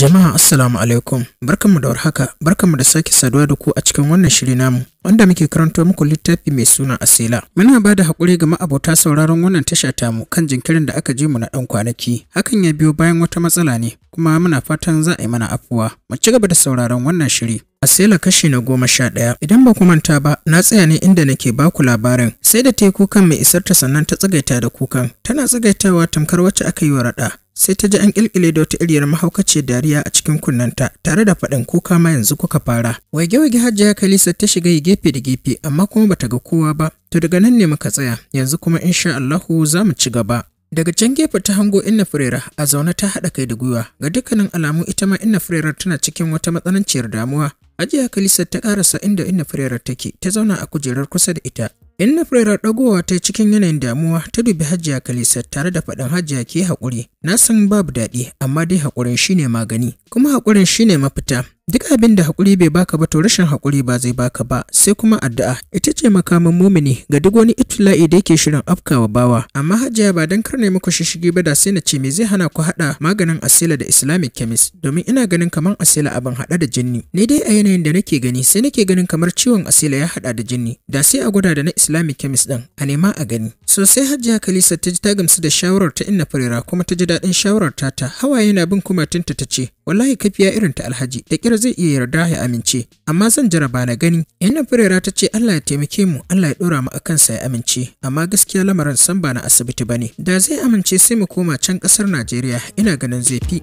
Jama'a assalamu alaikum barkanmu da warhaka barkanmu da sake saduwa da ku a cikin wannan shiri namu wanda muke karanto muku littafi mai suna Asela muna ba da haƙuri ga ma'abota sauraron wannan tasha mu kan jinkirin da aka ji mu na ɗan kwanaki hakan ya biyo bayan wata matsala ne kuma muna fatan za a yi mana afuwa mu ci gaba da sauraron wannan shiri Asela kashi na goma sha ɗaya idan ba ku manta ba na tsaya ne inda nake ba ku labarin sai da ta yi kukan mai isar ta sannan ta tsagaita da kukan tana tsagaitawa tamkar wacce aka yi wa raɗa sai ta ji an ƙilƙile da wata iriyar mahaukaciyar dariya a cikin kunnanta tare da faɗin kuka ma yanzu kuka fara wage-wage hajjiya kalisa ta shiga gefe da gefe amma kuma bata ga kowa ba to daga nan ne muka tsaya yanzu kuma insha Allahu za mu ci gaba daga can gefe ta hango inna furera a zaune ta haɗa kai da gwiwa ga dukkanin alamu ita ma inna furera tana cikin wata matsananciyar damuwa Hajiya Kalisa ta ƙarasa inda inna furera take ta zauna a kujerar kusa da ita In Inna Furaira ɗagowa ta cikin yanayin damuwa ta dubi Hajiya Kalisa tare da faɗin Hajiya ke haƙuri. Na san babu daɗi amma dai haƙurin shine magani kuma haƙurin shine mafita. Duk abin da haƙuri bai baka ba to rashin hakuri ba zai baka ba sai kuma addu'a ita ce makamin mumini ga duk wani itla'i da yake shirin afkawa bawa amma hajiya ba dan karne muku shishigi ba da sai na ce me zai hana ku haɗa maganin asila da islamic chemist domin ina ganin kamar asila abin haɗa da jinni ni dai a yanayin da nake gani sai nake ganin kamar ciwon asila ya haɗa da jinni da sai a gwada da na islamic chemist ɗin a nema a gani sosai hajiya kalisa ta ji ta gamsu da shawarar ta inna farira kuma ta ji daɗin shawarar ta ta hawaye na bin kumatinta ta ce wallahi kafiya irin ta alhaji da kira zai iya yarda ya amince amma zan jaraba na gani yana furera ta ce Allah ya taimake mu Allah ya dora mu akan sa ya amince amma gaskiya lamarin san ba na asibiti bane da zai amince sai mu koma can kasar Najeriya ina ganin zai fi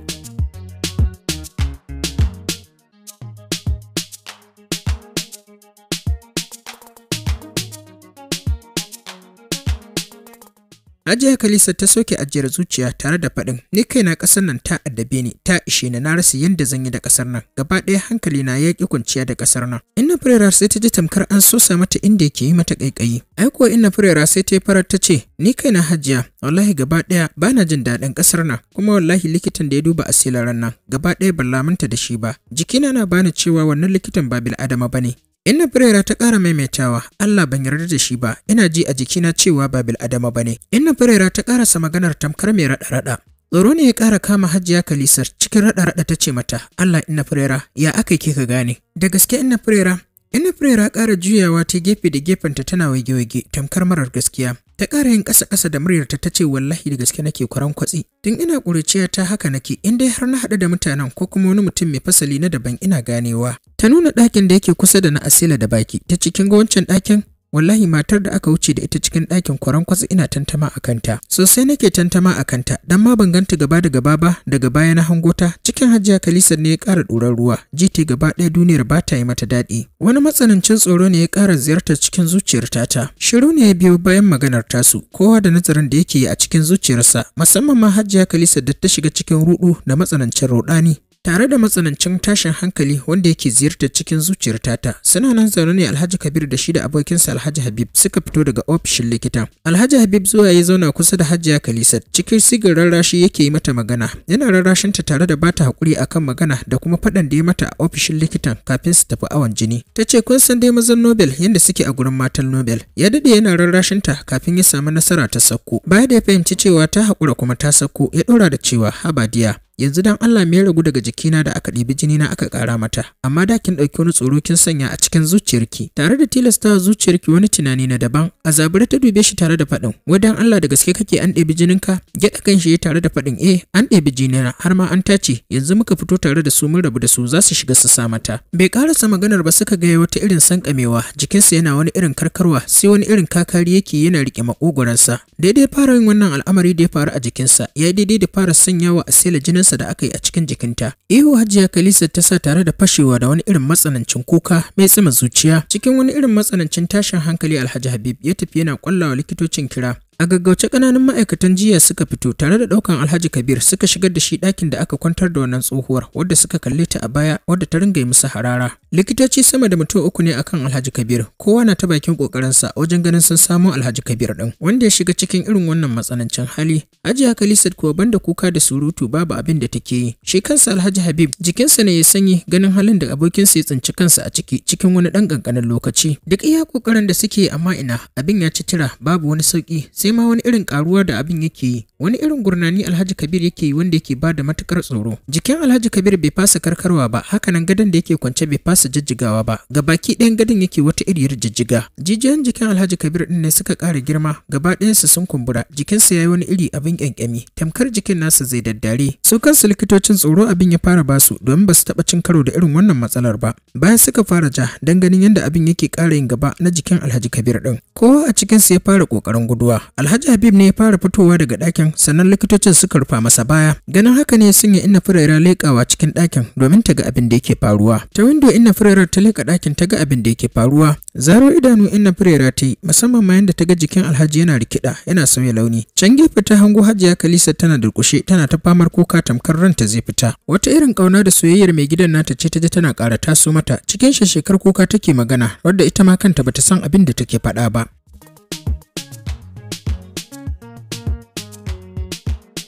Hajiya Kalisa ta soke ajiyar zuciya tare da faɗin, ni kaina ƙasar nan ta addabe ni, ta ishe ni na rasa yadda zan yi da ƙasar nan, gaba ɗaya hankali na ya ƙi kwanciya da ƙasar nan. Inna Furera sai ta ji tamkar an sosa mata inda yake yi mata ƙaiƙayi. Ai kuwa Inna Furera sai ta yi farar ta ce, ni kaina Hajiya, wallahi gaba ɗaya bana jin daɗin ƙasar nan, kuma wallahi likitan da ya duba asilaran nan, gaba ɗaya ban lamunta da shi ba. Jikina na bani cewa wannan likitan ba bil adama ba ne, Inna Ferreira ta ƙara maimaitawa, Allah ban yarda da shi ba, ina ji a jikina cewa ba bil adama ba ne. Inna Ferreira ta sa maganar tamkar mai raɗa-raɗa. Tsoro ne ya ƙara kama Hajiya Kalisar cikin raɗa-raɗa ta ce mata, Allah Inna Ferreira, ya aka ke ka gane? Da gaske Inna Ferreira, Inna Ferreira ƙara juyawa ta gefe da gefenta tana wage-wage tamkar marar gaskiya. Ta ƙara yin ƙasa-ƙasa da muryarta ta ce wallahi da gaske nake kwaran kwatsi. Tun ina ƙuruciya ta haka nake in dai har na haɗu da mutanen ko kuma wani mutum mai fasali na daban ina ganewa. Ta nuna ɗakin da yake kusa da na asila da baki ta cikin gawancin ɗakin wallahi matar da aka wuce da ita cikin ɗakin kwaran kwatsa ina tantama a kanta sosai nake tantama a kanta dan ma ban ganta gaba da gaba ba daga baya na hango ta. cikin hajiya kalisa ne ya ƙara ɗorar ruwa jita gaba ɗaya duniyar ba ta yi mata daɗi wani matsanancin tsoro ne ya ƙara ziyartar cikin zuciyar tata shiru ne ya biyo bayan maganar tasu kowa da nazarin da yake yi a cikin zuciyarsa musamman ma hajiya kalisa da ta shiga cikin ruɗu da matsanancin ruɗani tare da matsanancin tashin hankali wanda yake ziyartar cikin zuciyar tata suna nan zaune ne alhaji kabir da shi da abokinsa alhaji habib suka fito daga ofishin likita alhaji habib zuwa ya zauna kusa da hajiya kalisat cikin sigar rarrashi yake yi mata magana yana rarrashin ta tare da bata hakuri akan magana da kuma faɗan da ya mata a ofishin likitan kafin su tafi awon jini ta ce kun san dai mazan nobel yadda suke a gurin matan nobel ya dade yana rarrashin ta kafin ya samu nasara ta sakko baya da ya fahimci cewa ta haƙura kuma ta sakko ya ɗora da cewa habadiya yanzu dan Allah me ya ragu daga jikina da aka ɗibi jini na aka ƙara mata amma da kin ɗauki wani tsoro kin sanya a cikin zuciyarki tare da tilasta zuciyarki wani tunani na daban a zabura ta dube shi tare da faɗin wadan Allah da gaske kake an ɗebi jininka gyaɗa kan shi tare da faɗin eh an ɗebi jinina har ma an tace yanzu muka fito tare da su mun rabu da su za su shiga su sa mata bai karasa maganar ba suka ga wata irin sankamewa jikinsa yana wani irin karkarwa sai wani irin kakari yake yana riƙe makogoransa daidai fara yin wannan al'amari da ya faru a jikinsa ya daidai da fara sanyawa a sela jinin tsintarsa da aka yi a cikin jikinta. Ihu Hajiya Kalisa ta sa tare da fashewa da wani irin matsanancin kuka mai tsima zuciya. Cikin wani irin matsanancin tashin hankali Alhaji Habib ya tafi yana kwallawa likitocin kira. A gaggauce ƙananan ma'aikatan jiya suka fito tare da ɗaukan Alhaji Kabir suka shigar da shi ɗakin da aka kwantar da wannan tsohuwar wadda suka kalle ta a baya wadda ta ringa musu harara. Likitoci sama da mutum uku ne akan Alhaji Kabir, kowa na ta bakin ƙoƙarinsa wajen ganin sun samo Alhaji Kabir ɗin, wanda ya shiga cikin irin wannan matsanancin hali. Hajiya Khalisat kuwa banda kuka da surutu babu abin da take yi. Shi kansa Alhaji Habib jikinsa ne ya sanyi ganin halin da abokinsa ya tsinci kansa a ciki cikin wani ɗan ƙanƙanin lokaci. Duk iya ƙoƙarin da suke amma ina abin ya ci tira babu wani sauƙi sai ma wani irin karuwa da abin yake yi wani irin gurnani alhaji kabir yake yi wanda yake ba da matukar tsoro jikin alhaji kabir bai fasa karkarwa ba hakanan gadon da yake kwance bai fasa jijjigawa ba gabaki ɗayan gadon yake wata iriyar jijjiga jijiyan jikin alhaji kabir din ne suka ƙara girma gaba su sun kumbura jikinsa ya yi wani iri abin ƙyanƙyami tamkar jikin nasa zai daddare su kansu likitocin tsoro abin ya fara basu domin ba su taɓa cin karo da irin wannan matsalar ba bayan suka fara ja don ganin yadda abin yake ƙara yin gaba na jikin alhaji kabir din kowa a cikinsu ya fara ƙoƙarin guduwa Alhaji Habib ne ya fara fitowa daga ɗakin sannan likitocin suka rufa masa baya. Ganin haka ne sun yi inna furera leƙawa cikin ɗakin domin ta ga abin da yake faruwa. Ta windo inna furera ta leƙa ɗakin ta ga abin da yake faruwa. Zaro idanu inna furera ta yi musamman ma yadda ta ga jikin Alhaji yana rikiɗa, yana sauya launi. Can gefe ta hango Hajiya Kalisa tana durƙushe tana ta famar kuka tamkar ranta zai fita. Wata irin ƙauna da soyayyar mai gidan nata ce ta ji tana ƙara taso mata cikin shekar kuka take magana wadda ita ma kanta bata san abin da take faɗa ba.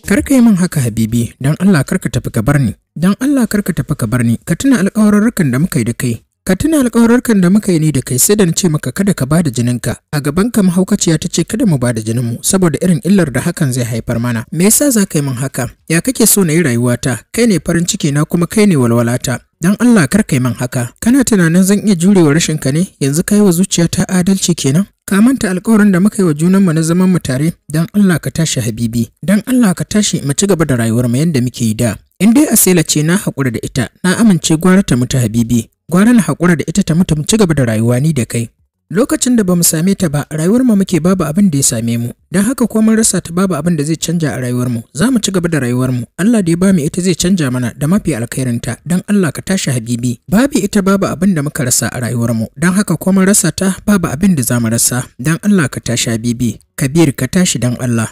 Kar ka yi min haka Habibi, don Allah kar ka tafi ka bar ni, don Allah kar ka tafi ka bar ni, ka tuna alƙawarurrukan da muka yi da kai. Ka tuna alƙawarurrukan da muka yi ni da kai sai da na ce maka kada ka bada ka. A gaban ka mahaukaciya ta ce kada mu bada mu, saboda irin illar da hakan zai haifar mana. Me yasa za ka yi min haka? Ya kake so na yi rayuwata? Kai ne farin ciki na kuma kai ne walwalata. Dan Allah kar kai man haka, kana tunanin zan iya jurewa rashin ka ne yanzu kai wa zuciya ta adalci kenan? Ka manta alƙawarin da muka yi wa mu na zaman mu tare, dan Allah ka tashi habibi, dan Allah ka tashi mu ci gaba da rayuwar mu yanda muke yi da. In dai Asela ce na haƙura da ita, na amince gwara ta mutu habibi, gwara na haƙura da ita ta mutu mu ci gaba da rayuwa ni da kai. Lokacin da ba mu same ta ba, rayuwar mu muke babu abin da ya same mu. Don haka ko mun rasa ta babu abin da zai canja a rayuwar mu. Za mu ci gaba da rayuwar mu. Allah da ya bamu ita zai canja mana da mafi alkhairinta. Don Allah ka tashi habibi. Babu ita babu abin da muka rasa a rayuwar mu. Don haka ko mun rasa ta babu abin da za mu rasa. Don Allah ka tashi habibi. Kabir ka tashi don Allah.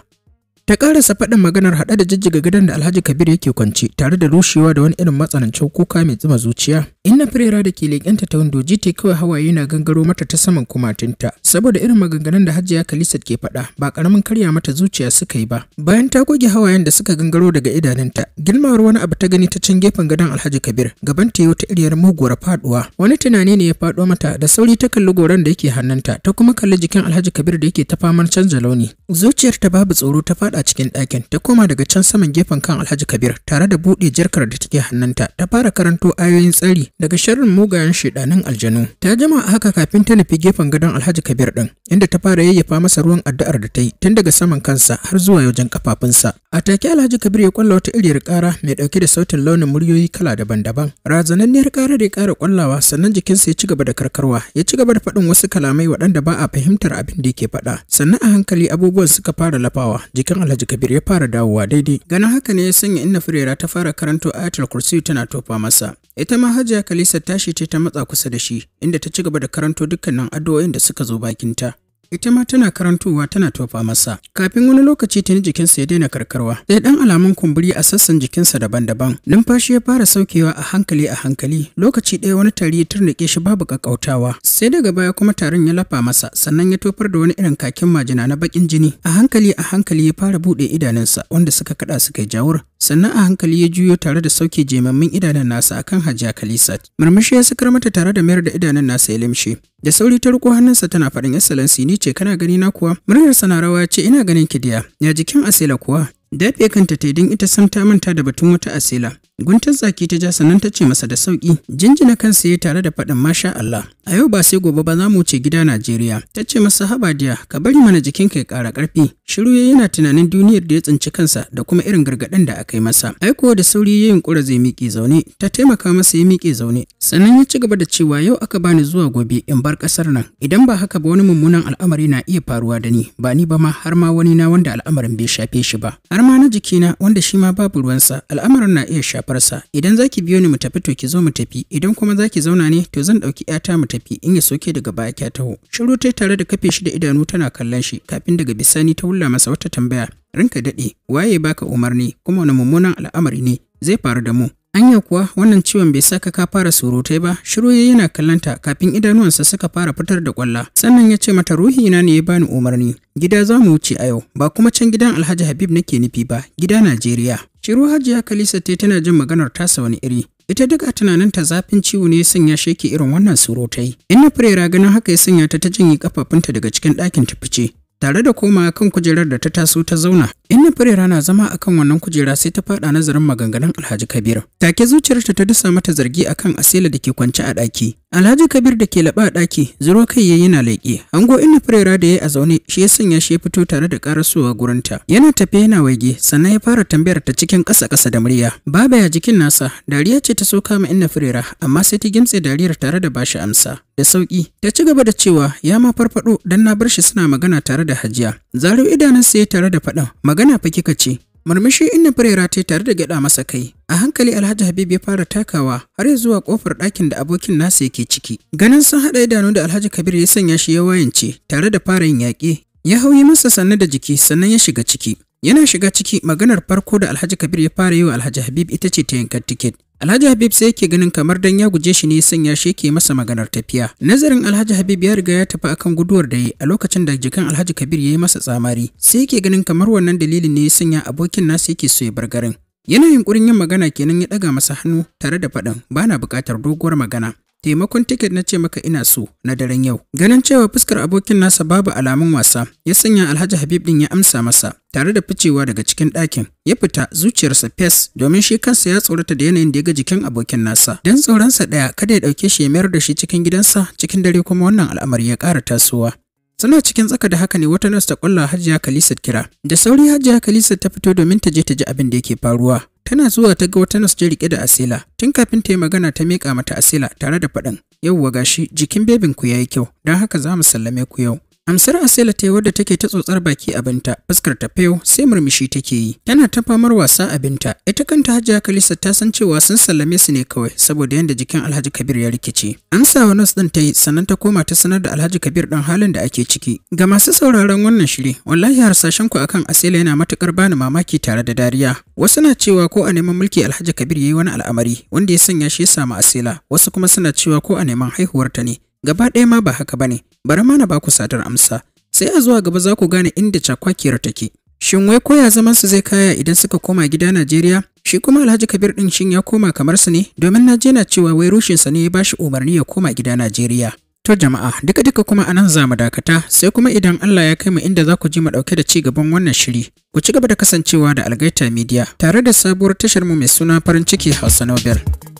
ta karasa faɗin maganar haɗe da jijjiga gadon da alhaji kabir yake kwance tare da rushewa da wani irin matsanancin kuka mai tsuma zuciya inna firera da ke leƙenta ta wando jite kawai hawaye na gangaro mata ta saman kumatinta saboda irin maganganun da hajiya kalisat ke faɗa ba ƙaramin karya mata zuciya suka yi ba bayan ta goge hawayen da suka gangaro daga idanunta girmawar wani abu ta gani ta can gefen gadon alhaji kabir gaban ta yi wata iriyar muguwar faɗuwa wani tunani ne ya faɗo mata da sauri ta kalli goron da yake hannunta ta kuma kalli jikin alhaji kabir da yake ta faman canza launi zuciyar ta babu tsoro ta faɗa A cikin ɗakin ta koma daga can saman gefen kan Alhaji Kabir tare da buɗe jarkar da take hannunta ta fara karanto ayoyin tsari daga sharrin mugayen shedanin aljanu ta jima haka kafin ta nufi gefen gadon Alhaji Kabir ɗin inda ta fara yayyafa masa ruwan addu'ar da ta yi tun daga saman kansa har zuwa wajen kafafunsa a take Alhaji Kabir ya kwalla wata iriyar ƙara mai ɗauke da sautin launin muryoyi kala daban-daban razananniyar ƙara da ya ƙara kwallawa sannan jikinsa ya ci gaba da karkarwa ya ci gaba da faɗin wasu kalamai waɗanda ba a fahimtar abin da yake faɗa sannan a hankali abubuwan suka fara lafawa jikin Alhaji Kabir ya fara dawowa daidai. Ganin haka ne ya sanya inna firera ta fara karanto ayatul kursi tana tofa masa. Ita ma Hajiya Kalisa tashi ce ta matsa kusa da shi, inda ta ci gaba da karanto dukkanin addu'o'in da suka zo bakinta. ita ma tana karantowa tana tofa masa kafin wani lokaci tuni jikinsa ya daina karkarwa sai dan alamun kumburi a sassan jikinsa daban-daban numfashi ya fara saukewa a hankali a hankali lokaci ɗaya wani tari ya turnike shi babu kakkautawa sai daga baya kuma tarin ya lafa masa sannan ya tofar da wani irin kakin majina na bakin jini a hankali a hankali ya fara buɗe idanunsa wanda suka kaɗa suka jawur sannan a hankali ya juyo tare da sauke jemammin idanun nasa a kan Hajiya kalisat Murmushi ya sakar mata tare da mayar da idanun nasa ya limshe. Da sauri ta riko hannunsa tana faɗin Excellency ni ce kana gani na kuwa? Murnarsa na rawa ce ina ganin ki diya. Ya jikin Asila kuwa? Da Dafe kanta ta din ita sam ta manta da batun wata Asila. guntun zaki ta ja sannan ta ce masa da sauki jinjina kansa ya tare da faɗin masha Allah a yau ba sai gobe ba za mu wuce gida Najeriya ta ce masa habadiya ka bari mana jikinka ya ƙara ƙarfi shiru ya yana tunanin duniyar da ya tsinci kansa da kuma irin gargaɗin da aka yi masa aiko da sauri ya yunƙura zai miƙe zaune ta taimaka masa ya miƙe zaune sannan ya ci gaba da cewa yau aka bani zuwa gobe in bar ƙasar nan idan ba haka ba wani mummunan al'amari na iya faruwa da ni ba ni ba ma har ma wani na wanda al'amarin bai shafe shi ba har ma na jikina wanda shi ma babu ruwansa al'amarin na iya shafe shafarsa idan za ki biyo ni mu tafi to ki zo mu tafi idan kuma za ki zauna ne to zan ɗauki ‘yata mu tafi in ya soke daga baya kya taho shiru tai tare da kafe shi da idanu tana kallon shi kafin daga bisani ta wulla masa wata tambaya rinka daɗe waye baka umarni kuma wani mummunan al'amari ne zai faru da mu Anya kuwa wannan ciwon bai saka ka fara surutai ba, shiru yana kallanta kafin idanuwansa suka fara fitar da kwalla. Sannan ya ce mata ruhi ruhina ne ya bani umarni. Gida za mu wuce a yau, ba kuma can gidan Alhaji Habib nake nufi ba, gida Najeriya. Shiru Hajiya Kalisa te tana jin maganar tasa wani iri. Ita duka a tunaninta zafin ciwo ne ya sanya sheke irin wannan surutai. In na Furera ganin haka ya sanya ta ta janye kafafunta daga cikin ɗakin ta fice. Tare da komawa kan kujerar da ta taso ta zauna, Inna Firera na zama akan wannan kujera sai ta faɗa nazarin maganganun Alhaji Kabir. Take zuciyarta ta dusa mata zargi akan Asila da ke kwance a ɗaki. Alhaji Kabir da ke laɓa a ɗaki zuro kai ya yana leƙe. Ango Inna Firera da ya yi a zaune shi ya sanya shi ya fito tare da ƙarasowa gurinta. Yana tafe yana waige sannan ya fara tambayar ta cikin ƙasa-ƙasa da murya. Baba ya jikin nasa dariya ce ta soka ma Inna Firera amma sai ta gimtse dariyar tare da bashi amsa. da sauƙi ta ci gaba da cewa ya ma farfaɗo don na bar shi suna magana tare da hajiya. Zaro idanunsa ya tare da faɗan magana fa kika ce murmushi inna furera ta tare da gyada masa kai a hankali alhaji habib ya fara takawa har zuwa kofar ɗakin da abokin nasa yake ciki ganin sun haɗa idanu da alhaji kabir ya sanya shi ya wayance tare da fara yin yaƙi ya hauyi masa sannu da jiki sannan ya shiga ciki yana shiga ciki maganar farko da alhaji kabir ya fara yi wa alhaji habib ita ce ta yankar tiket Alhaji Habib sai yake ganin kamar dan ya guje shi ne sanya shi yake masa maganar tafiya. Nazarin Alhaji Habib ya riga ya tafi akan guduwar da yi a lokacin da jikan Alhaji Kabir ya yi masa tsamari. Sai yake ganin kamar wannan dalilin ne sanya abokin nasa yake so ya bar garin. Yana yunkurin yin magana kenan ya ɗaga masa hannu tare da faɗin bana buƙatar doguwar magana. taimakon tiket na ce maka ina so na daren yau ganin cewa fuskar abokin nasa babu alamun wasa ya sanya alhaji habib din ya amsa masa tare da ficewa daga cikin ɗakin ya fita zuciyarsa fes domin shi kansa ya tsorata da yanayin da ya ga jikin abokin nasa don tsoronsa ɗaya kada ya ɗauke shi ya mayar da shi cikin gidansa cikin dare kuma wannan al'amari ya ƙara tasowa suna cikin tsaka da haka ne wata nas ta kwalla hajiya khalisat kira da sauri hajiya khalisat ta fito domin ta je ta ji abin da yake faruwa Tana zuwa ta ga wata nas je riƙe da Asila, tun kafin ta yi magana ta miƙa mata Asila tare da faɗin, yauwa gashi jikin bebin ku yayi kyau, don haka za mu sallame ku yau. Amsar Asela ta wadda take ta tsotsar baki abinta, fuskar ta fayo sai murmushi take yi. Tana ta famar wasa abinta, ita kanta Hajiya Kalisa ta san cewa sun sallame su ne kawai saboda yadda jikin Alhaji Kabir ya rikice. An sa wa nas ɗin ta yi sannan ta koma ta sanar da Alhaji Kabir dan halin da ake ciki. Ga masu sauraron wannan shiri, wallahi harsashen ku akan Asela yana matukar bani mamaki tare da dariya. Wasu na cewa ko a neman mulki Alhaji Kabir yayi wani al'amari wanda ya sanya shi ya samu Asela, wasu kuma suna cewa ko a neman haihuwar ta ne. gaba ɗaya ma ba haka bane bari ma na ba ku sadar amsa sai a zuwa gaba za ku gane inda cakwakiyar take shin wai koya zaman su zai kaya idan suka koma gida Najeriya shi kuma Alhaji Kabir din shin ya koma kamar su ne domin na je na cewa wai rushin sa ne ya bashi umarni ya koma gida Najeriya to jama'a duka duka kuma anan za mu dakata sai kuma idan Allah ya kai mu inda za ku ji mu dauke da ci gaban wannan shiri ku ci gaba da kasancewa da Algaita Media tare da sabuwar tashar mu mai suna farin ciki Hausa Nobel